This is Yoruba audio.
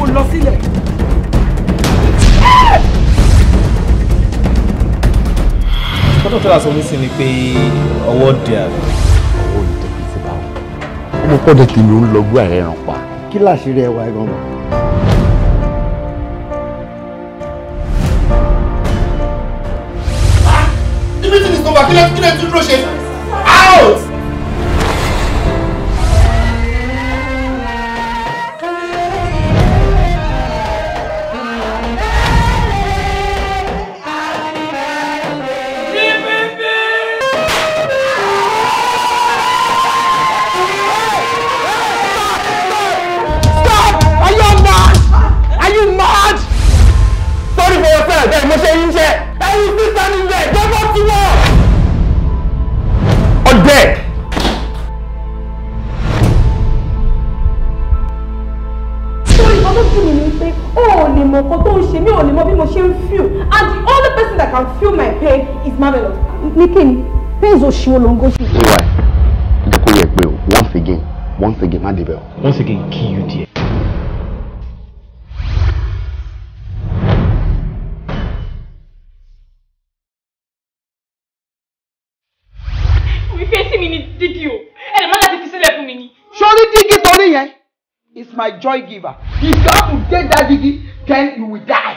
kó lọ sílẹ̀. tọ́tọ̀ tó lásán oníṣẹ́ ni pé ọwọ́ dẹ àná. ọwọ́ ìdẹ́kùn ti bá wọn. ọmọ pọ́dọ̀ kìlú ń lọ gbé àrẹ̀ràn pa. kí láṣìírí ẹwà ẹ̀rọ mọ̀. the meeting is over kí lẹ́tí dúró ṣe out. bẹ́ẹ̀ mo ṣe yín ṣe ẹ̀yin sísá nílẹ̀ jẹ́fọ́ tí wọ́n. ọdẹ. sórí ìbọn tó dùn mí ni pé ó ò tó ń ṣe mí ò lè mọ bí mo ṣe ń feel and the only person that can feel my pain is Marvelous. ní kíni pains oṣù olóńgó sí. ṣé wàá jẹ́ kó yẹ pé once again once again má débẹ̀ o. once again kill you there. dígí o ẹ lè má láti fi sílẹ̀ fún mi ni. sórí dígí torí yẹn is my joy giver if you have to get that dígí then you will die.